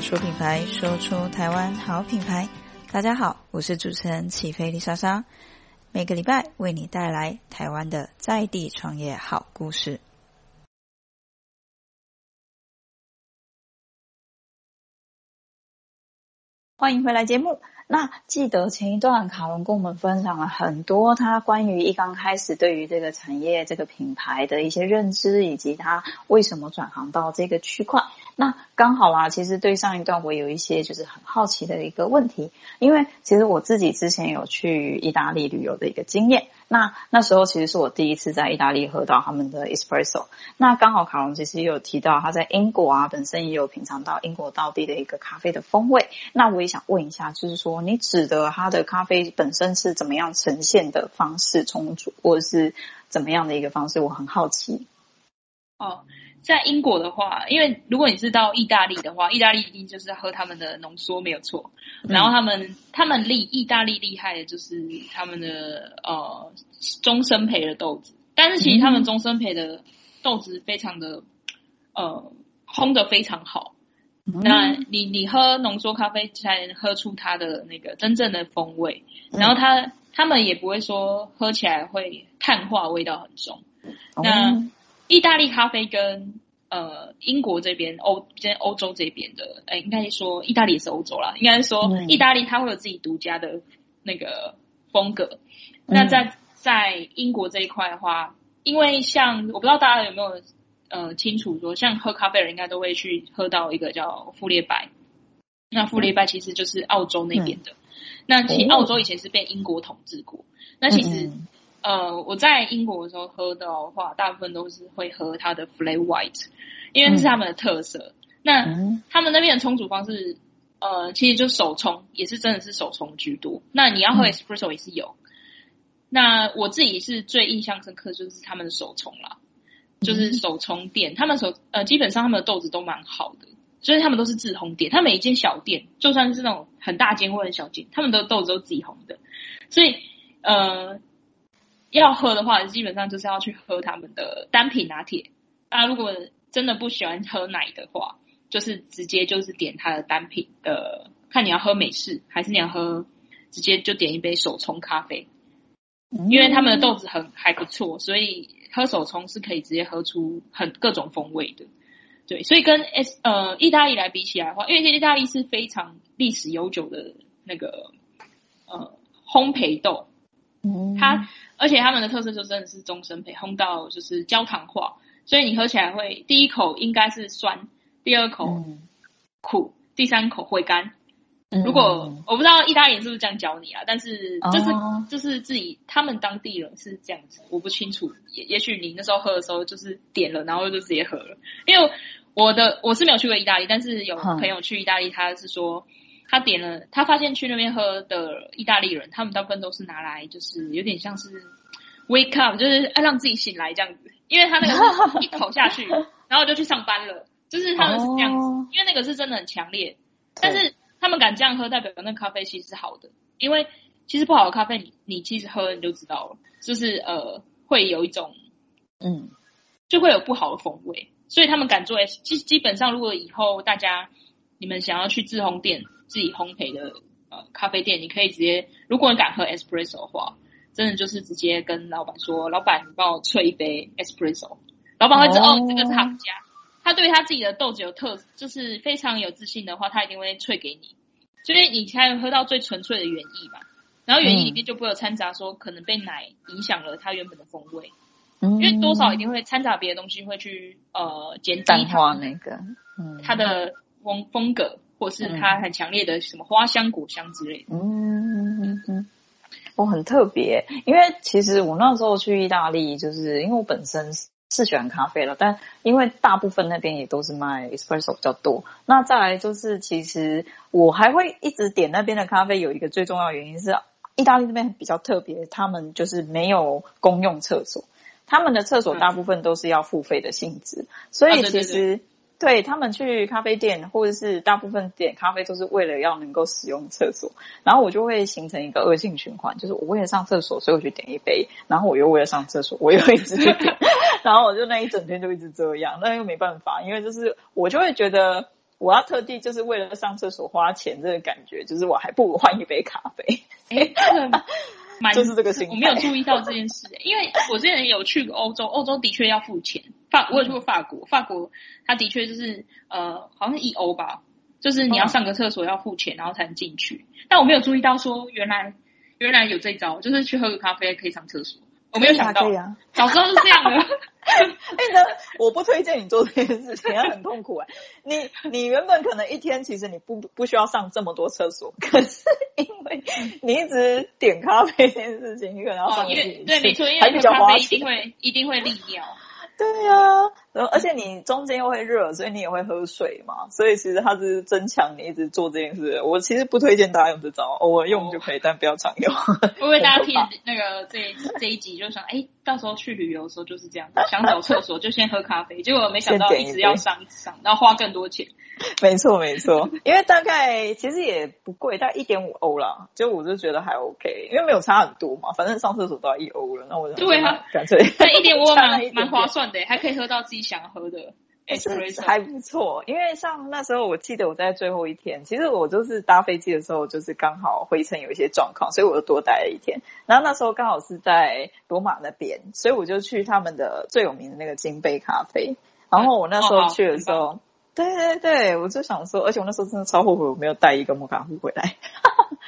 說品牌，說出台灣好品牌。大家好，我是主持人起飛莉莎莎，每個禮拜為你帶來台灣的在地創業好故事。歡迎回來節目。那記得前一段卡戎跟我們分享了很多他關於一剛開始對於這個產業、這個品牌的一些認知，以及他為什麼轉行到這個區塊。那剛好啊，其實對上一段我有一些就是很好奇的一個問題，因為其實我自己之前有去意大利旅遊的一個經驗，那那時候其實是我第一次在意大利喝到他們的 espresso。那剛好卡戎其實也有提到他在英國啊，本身也有品嘗到英國道地的一個咖啡的風味。那我也想問一下，就是說你指的他的咖啡本身是怎麼樣呈現的方式，沖煮，或者是怎麼樣的一個方式，我很好奇。哦，oh, 在英國的話，因為如果你是到意大利的話，意大利一定就是喝他們的濃縮沒有錯。嗯、然後他們他們利意大利厲害的就是他們的呃，中深焙的豆子。但是其實他們中深焙的豆子非常的、嗯、呃烘得非常好。那、嗯、你你喝濃縮咖啡才能喝出它的那個真正的風味。嗯、然後他他們也不會說喝起來會碳化，味道很重。嗯、那、嗯意大利咖啡跟呃英國這邊歐，跟歐洲這邊的，哎，應該說意大利也是歐洲啦。應該說對意大利它會有自己獨家的那個風格。嗯、那在在英國這一塊的話，因為像我不知道大家有沒有呃清楚說，像喝咖啡的人應該都會去喝到一個叫富列白。那富列白其實就是澳洲那邊的。嗯、那其實澳洲以前是被英國統治過。嗯、那其實。嗯嗯呃，我在英國的時候喝的，、哦、的話，大部分都是會喝它的 flat white，因為這是他們的特色。嗯、那他們那邊的沖煮方式，呃，其實就手沖也是真的是手沖居多。那你要喝 espresso 也是有。嗯、那我自己是最印象深刻就是他們的手沖啦，嗯、就是手沖店，他們手呃基本上他們的豆子都蠻好的，所、就、以、是、他們都是自烘店。他每一間小店，就算是那種很大間或很小間，他們的豆子都自己烘的，所以呃。要喝的話，基本上就是要去喝他們的單品拿鐵。大家、啊、如果真的不喜歡喝奶的話，就是直接就是點它的單品的。看你要喝美式，還是你要喝，直接就點一杯手沖咖啡。因為他們的豆子很還不錯，所以喝手沖是可以直接喝出很各種風味的。對，所以跟 S 呃意大利來比起來的話，因為這意大利是非常歷史悠久的那個呃烘焙豆，它。而且他們的特色就真的是中深焙，烘到就是焦糖化，所以你喝起來會第一口應該是酸，第二口苦，嗯、第三口回甘。嗯、如果我不知道意大利人是不是這樣教你啊，但是就是就、哦、是自己他們當地人是這樣子，我不清楚，也也許你那時候喝的時候就是點了，然後就直接喝了。因為我的我是沒有去過意大利，但是有朋友去意大利，他是說。嗯他點了，他發現去那邊喝的意大利人，他們大部分都是拿來就是有點像是 wake up，就是讓自己醒來這樣子。因為他那個是一口下去， 然後就去上班了，就是他們是這樣子。Oh. 因為那個是真的很強烈，但是他們敢這樣喝，代表那個咖啡其實是好的。因為其實不好的咖啡你，你你其實喝你就知道了，就是呃會有一種嗯就會有不好的風味，所以他們敢做。基基本上，如果以後大家你們想要去自烘店。自己烘焙的呃咖啡店，你可以直接，如果你敢喝 espresso 的話，真的就是直接跟老闆說，老闆你幫我萃一杯 espresso，老闆會知、oh. 哦，這個是他們家，他對他自己的豆子有特色，就是非常有自信的話，他一定會萃給你，就是你才能喝到最純粹的原液嘛。然後原液裡面就不會有摻雜，說可能被奶影響了它原本的風味，mm. 因為多少一定會摻雜別的東西，會去呃減低它那個，嗯，它的風風格。嗯或是它很強烈的什麼花香、果香之類的，嗯，嗯嗯嗯，我、嗯哦、很特別，因為其實我那時候去意大利，就是因為我本身是喜歡咖啡了，但因為大部分那邊也都是賣 espresso 比較多，那再來就是其實我還會一直點那邊的咖啡，有一個最重要原因是意大利那邊比較特別，他們就是沒有公用廁所，他們的廁所大部分都是要付費的性質，嗯、所以其實。啊對對對對他們去咖啡店，或者是大部分點咖啡，都是為了要能夠使用廁所。然後我就會形成一個惡性循環，就是我為了上廁所，所以我去點一杯，然後我又為了上廁所，我又一直， 然後我就那一整天就一直這樣，那又沒辦法，因為就是我就會覺得，我要特地就是為了上廁所花錢，這個感覺就是我還不如換一杯咖啡。 蠻就是這個事，我沒有注意到這件事，因為我之前有去過歐洲，歐洲的確要付錢。法，我有去過法國，法國它的確就是，呃，好像是一歐吧，就是你要上個廁所要付錢，然後才能進去。但我沒有注意到說，原來原來有這招，就是去喝個咖啡可以上廁所。我沒有想到，對啊，小時候是這樣的。哎、 欸，那我不推薦你做這件事情，你很痛苦啊、欸。你你原本可能一天其實你不不需要上這麼多廁所，可是因為你一直點咖啡這件事情，你可能要上四五次，哦、因為對還比較花錢，一定會一定會利尿、哦。對呀、啊，然後而且你中間又會熱，所以你也會喝水嘛，所以其實它是增強你一直做這件事。我其實不推薦大家用這招，偶爾用就可以，哦、但不要常用。哦、 不會大家聽那個這 這一集就想，哎？到時候去旅遊的時候就是這樣，想找廁所就先喝咖啡。 結果沒想到一直要上上，一然後花更多錢。沒錯，沒錯，因為大概其實也不貴，大概一點五歐啦。就我就覺得還 OK，因為沒有差很多嘛。反正上廁所都要一歐了，那我就對啊，想想乾脆。歐 一點五蠻蠻划算的，還可以喝到自己想喝的。是還不錯，因為像那時候，我記得我在最後一天，其實我就是搭飛機的時候，就是剛好回程有一些狀況，所以我就多待了一天。然後那時候剛好是在羅馬那邊，所以我就去他們的最有名的那個金杯咖啡。然後我那時候去的時候，哦哦、對對對，我就想說，而且我那時候真的超後悔，我沒有帶一個摩卡壺回來。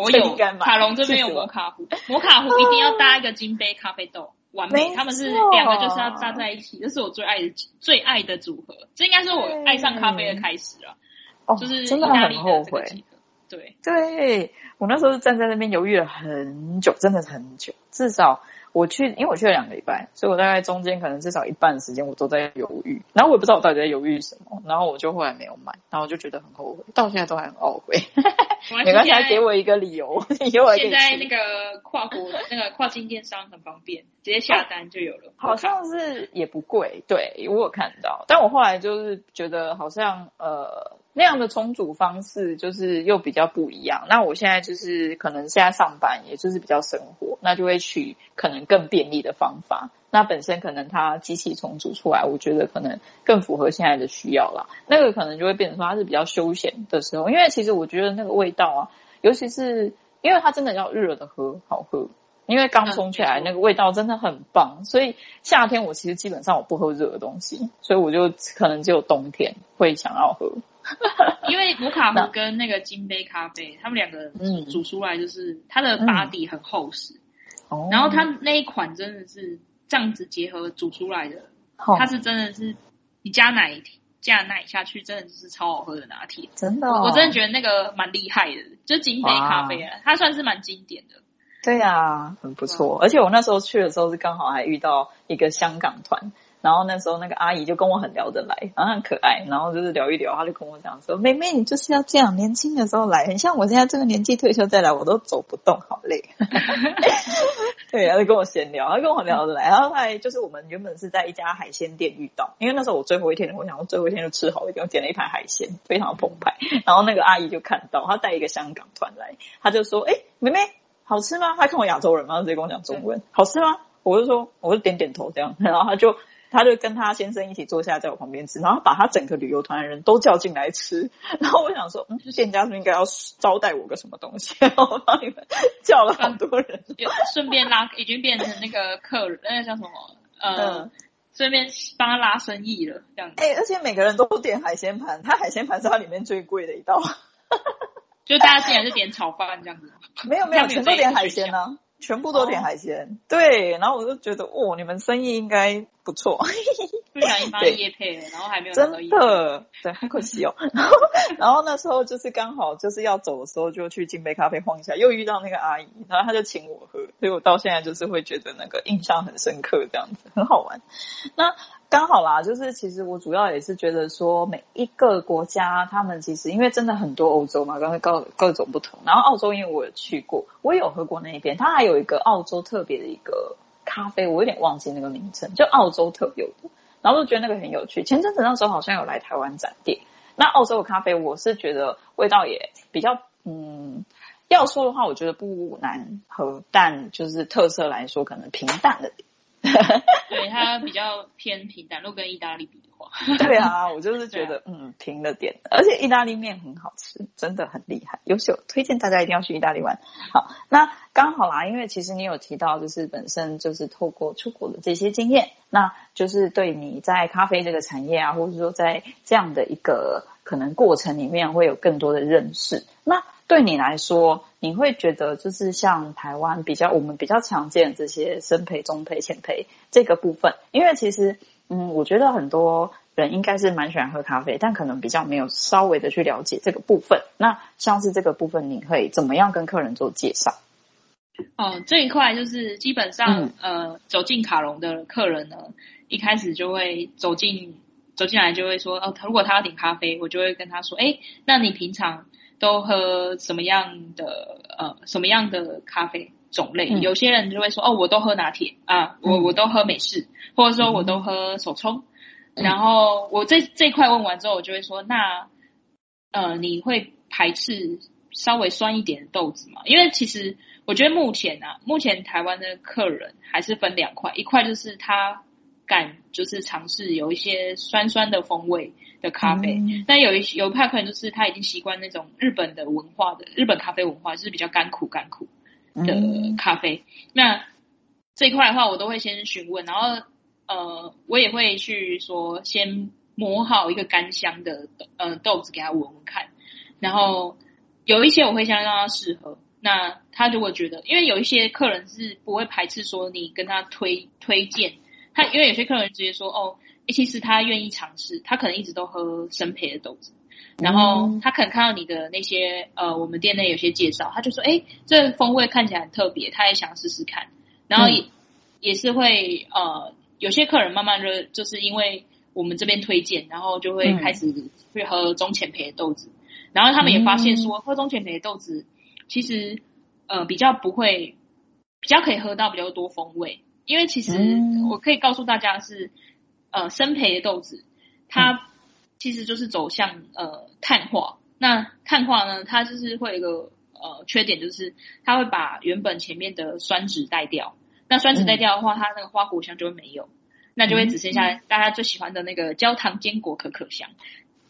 我、哦、有卡戎這邊有摩卡壺，實摩卡壺一定要搭一個金杯咖啡豆。完美，哦、他們是兩個就是要站在一起，這、就是我最愛的最愛的組合，這應該是我愛上咖啡的開始啊！對就是意大利後悔，對對，我那時候是站在那邊猶豫了很久，真的很久，至少。我去，因為我去了兩個禮拜，所以我大概中間可能至少一半時間我都在猶豫，然後我也不知道我到底在猶豫什麼，然後我就後來沒有買，然後我就覺得很後悔，到現在都還很懊悔。呵呵現在，沒關係，還給我一個理由。現在那個跨國 那個跨境電商很方便，直接下單就有了，好像是也不貴。對，我有看到，但我後來就是覺得好像呃那樣的沖煮方式就是又比較不一樣。那我現在就是可能現在上班也就是比較生活，那就會去可能更便利的方法，那本身可能它機器沖煮出來，我覺得可能更符合現在的需要啦。那個可能就會變成說它是比較休閒的時候，因為其實我覺得那個味道啊，尤其是因為它真的要熱的喝好喝，因為剛沖起來那個味道真的很棒。嗯、所以夏天我其實基本上我不喝熱的東西，所以我就可能只有冬天會想要喝。 因為盧卡姆跟那個金杯咖啡，它們兩個煮出來就是、嗯、它的打底很厚實。嗯 Oh. 然後它那一款真的是這樣子結合煮出來的，oh. 它是真的是，你加奶加奶下去，真的就是超好喝的拿鐵。真的、哦，我真的覺得那個蠻厲害的，就金杯咖啡啊，Wow. 它算是蠻經典的。對啊，很不錯。嗯、而且我那時候去的時候是剛好還遇到一個香港團。然後那時候那個阿姨就跟我很聊得來，然後很可愛，然後就是聊一聊，她就跟我講說：“妹妹，你就是要這樣，年輕的時候來，很像我現在這個年紀退休再來，我都走不動，好累。 ” 對，然後就跟我閒聊，她跟我很聊得來，然後她就是我們原本是在一家海鮮店遇到，因為那時候我最後一天，我想我最後一天就吃好一點，我點了一盤海鮮，非常澎湃。然後那個阿姨就看到，她帶一個香港團來，她就說：“哎，妹妹，好吃嗎？”她看我亞洲人嘛，直接跟我講中文，好吃嗎？我就說，我就點點頭這樣，然後她就。他就跟他先生一起坐下，在我旁邊吃，然後把他整個旅遊團的人都叫進來吃。然後我想說，嗯，店家是應該要招待我個什麼東西，哦？然後我幫你們叫了很多人，嗯，順便拉，已經變成那個客人，那個叫什麼？呃，嗯，順便幫他拉生意了，這樣子。哎，欸，而且每個人都點海鮮盤，他海鮮盤是他裡面最貴的一道，就大家竟然是點炒飯這樣子？沒有沒有，全部點海鮮啊，嗯，全部都點海鮮。哦，對，然後我就覺得，哦，你們生意應該不錯，非常 一般的業配，對然後還沒有真的，對，很可惜哦。 然後，然後那時候就是剛好就是要走的時候，就去金杯咖啡晃一下，又遇到那個阿姨，然後他就請我喝，所以我到現在就是會覺得那個印象很深刻，這樣子很好玩。那剛好啦，就是其實我主要也是覺得說，每一個國家他們其實因為真的很多歐洲嘛，剛才各各種不同，然後澳洲因為我有去過，我也有喝過那一邊，它還有一個澳洲特別的一個。咖啡，我有點忘記那個名稱，就澳洲特有的，然後就覺得那個很有趣。前陣子那時候好像有來台灣展店，那澳洲的咖啡，我是覺得味道也比較，嗯，要說的話，我覺得不難喝，但就是特色來說，可能平淡了點， 對，它比較偏平淡，如果跟意大利比。 對啊，我就是覺得嗯平了點了，而且意大利麵很好吃，真的很厲害，優秀，推薦大家一定要去意大利玩。好，那剛好啦，因為其實你有提到，就是本身就是透過出國的這些經驗，那就是對你在咖啡這個產業啊，或者說在這樣的一個可能過程裡面，會有更多的認識。那對你來說，你會覺得就是像台灣比較我們比較常見的這些深培、中培、淺培這個部分，因為其實嗯，我覺得很多。人應該是蠻喜歡喝咖啡，但可能比較沒有稍微的去了解這個部分。那像是這個部分，你會怎麼樣跟客人做介紹？哦，這一塊就是基本上呃，走進卡戎的客人呢，嗯、一開始就會走進走進來就會說哦，如果他要點咖啡，我就會跟他說，哎、欸，那你平常都喝什麼樣的呃什麼樣的咖啡種類？嗯、有些人就會說哦，我都喝拿鐵啊，我我都喝美式，或者說我都喝手沖。嗯嗯嗯、然後我這這一塊問完之後，我就會說：那呃，你會排斥稍微酸一點的豆子嗎？因為其實我覺得目前啊，目前台灣的客人還是分兩塊，一塊就是他敢就是嘗試有一些酸酸的風味的咖啡，嗯、但有一有一派客人就是他已經習慣那種日本的文化的日本咖啡文化，就是比較乾苦乾苦的咖啡。嗯、那這一塊的話，我都會先詢問，然後。呃，我也會去說，先磨好一個乾香的豆呃豆子給他聞聞看，然後有一些我會先讓他試喝。那他如果覺得，因為有一些客人是不會排斥說你跟他推推薦他，因為有些客人直接說哦，其實他願意嘗試，他可能一直都喝深焙的豆子，然後他可能看到你的那些呃，我們店內有些介紹，他就說哎，這風味看起來很特別，他也想試試看，然後也、嗯、也是會呃。有些客人慢慢就就是因為我們這邊推薦，然後就會開始去喝中淺焙的豆子，嗯、然後他們也發現說、嗯、喝中淺焙的豆子其實呃比較不會，比較可以喝到比較多風味，因為其實、嗯、我可以告訴大家是呃深焙的豆子，它其實就是走向呃碳化，那碳化呢，它就是會有一個呃缺點，就是它會把原本前面的酸質帶掉。那酸質帶掉的話，嗯、它那個花果香就會沒有，那就會只剩下大家最喜歡的那個焦糖堅果可可香，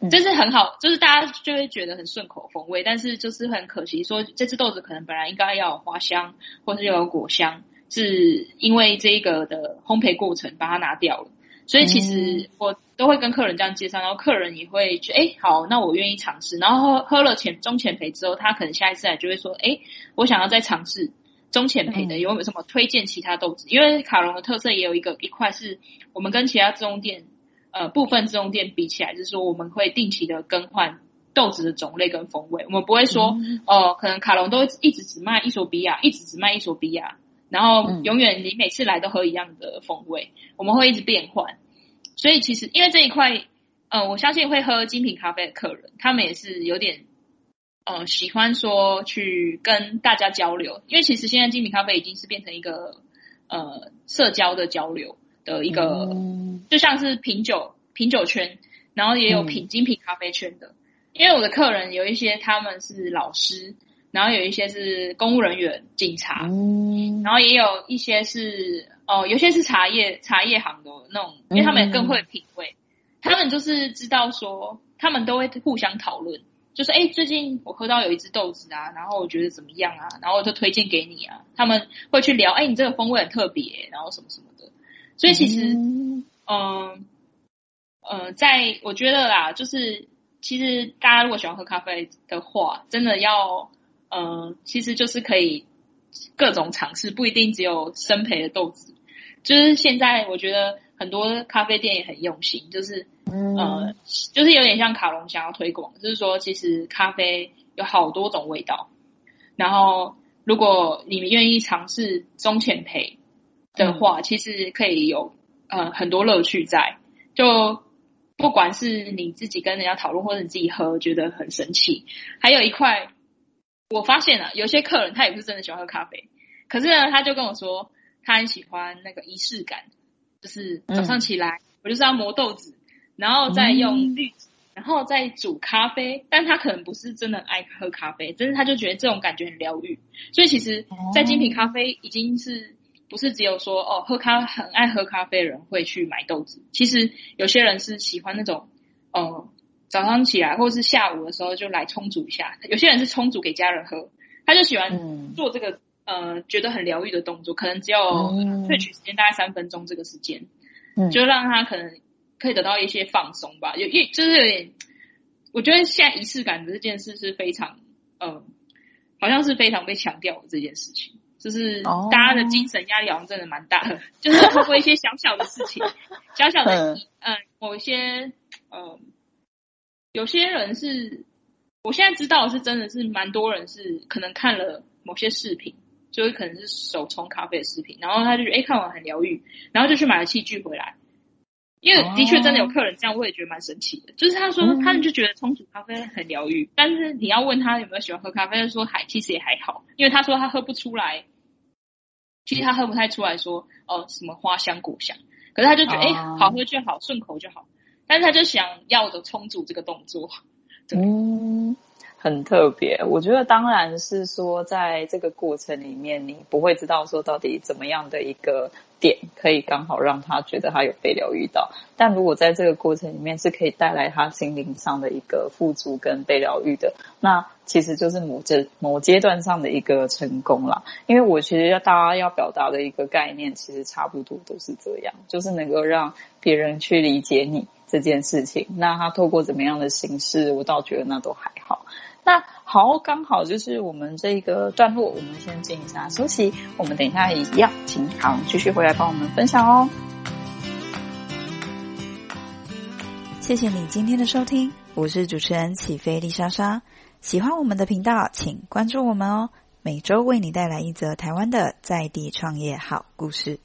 嗯、這是很好，就是大家就會覺得很順口風味。但是就是很可惜，說這隻豆子可能本來應該要有花香，或是要有果香，嗯、是因為這個的烘焙過程把它拿掉了。所以其實我都會跟客人這樣介紹，然後客人也會去：欸，好，那我願意嘗試。然後喝了前中淺焙之後，他可能下一次來就會說哎、欸，我想要再嘗試。中淺焙的有沒有什麼推薦？其他豆子？嗯、因為卡戎的特色也有一個一塊是，我們跟其他自用店，呃，部分自用店比起來，就是說我們會定期的更換豆子的種類跟風味。我們不會說，哦、嗯呃，可能卡戎都一直只賣衣索比亞，一直只賣衣索比亞，然後永遠你每次來都喝一樣的風味，嗯、我們會一直變換。所以其實，因為這一塊，呃，我相信會喝精品咖啡的客人，他們也是有點。呃，喜歡說去跟大家交流，因為其實現在精品咖啡已經是變成一個呃社交的交流的一個，嗯、就像是品酒品酒圈，然後也有品精品咖啡圈的。嗯、因為我的客人有一些他們是老師，然後有一些是公務人員、警察，嗯、然後也有一些是哦、呃，有些是茶葉茶葉行的那種，因為他們也更會品味，嗯、他們就是知道說，他們都會互相討論。就是哎、欸，最近我喝到有一支豆子啊，然後我覺得怎麼樣啊，然後我就推薦給你啊。他們會去聊，哎、欸，你這個風味很特別，然後什麼什麼的。所以其實，嗯呃，呃，在我覺得啦，就是其實大家如果喜歡喝咖啡的話，真的要，嗯、呃，其實就是可以各種嘗試，不一定只有深焙的豆子。就是現在我覺得。很多咖啡店也很用心，就是、嗯、呃，就是有點像卡戎想要推廣，就是說其實咖啡有好多種味道。然後，如果你們願意嘗試中淺焙的話，嗯、其實可以有呃很多樂趣在。就不管是你自己跟人家討論，或者你自己喝，覺得很神奇。還有一塊，我發現了，有些客人他也不是真的喜歡喝咖啡，可是呢，他就跟我說他很喜歡那個儀式感。就是早上起來，嗯、我就是要磨豆子，然後再用綠子，然後再煮咖啡。嗯、但他可能不是真的愛喝咖啡，只是他就覺得這種感覺很療癒。所以其實，在精品咖啡已經是、哦、不是只有說哦喝咖很愛喝咖啡的人會去買豆子。其實有些人是喜歡那種呃早上起來或者是下午的時候就來沖煮一下。有些人是沖煮給家人喝，他就喜歡做這個。嗯呃，覺得很療癒的動作，可能只有嗯、萃取時間大概三分鐘這個時間，嗯、就讓他可能可以得到一些放鬆吧。有，就是有點，我覺得現在儀式感的這件事是非常，呃，好像是非常被強調的這件事情，就是大家的精神壓力好像真的蠻大的，哦、 就是透過一些小小的事情， 小小的，嗯、呃，某一些，呃，有些人是，我現在知道的是真的是蠻多人是可能看了某些視頻。就所以可能是手沖咖啡的視頻，然後他就覺得、欸、看完很療癒，然後就去買了器具回來。因為的確真的有客人這樣，啊、我也覺得蠻神奇的。就是他說，他們就覺得沖煮咖啡很療癒，嗯、但是你要問他有沒有喜歡喝咖啡，他說還其實也還好，因為他說他喝不出來，其實他喝不太出來說，說、呃、哦什麼花香果香，可是他就覺得哎、啊欸，好喝就好，順口就好，但是他就想要的沖煮這個動作。對嗯。很特別，我覺得當然是說，在這個過程裡面，你不會知道說到底怎麼樣的一個點可以剛好讓他覺得他有被療癒到。但如果在這個過程裡面是可以帶來他心靈上的一個富足跟被療癒的，那其實就是某階，某階段上的一個成功啦。因為我其實要大家要表達的一個概念，其實差不多都是這樣，就是能夠讓別人去理解你這件事情。那他透過怎麼樣的形式，我倒覺得那都還。那好，剛好就是我們這一個段落，我們先靜一下休息。我們等一下也一樣，請好繼續回來幫我們分享哦。謝謝你今天的收聽，我是主持人起飛莉莎莎。喜歡我們的頻道，請關注我們哦。每周為你帶來一則台灣的在地創業好故事。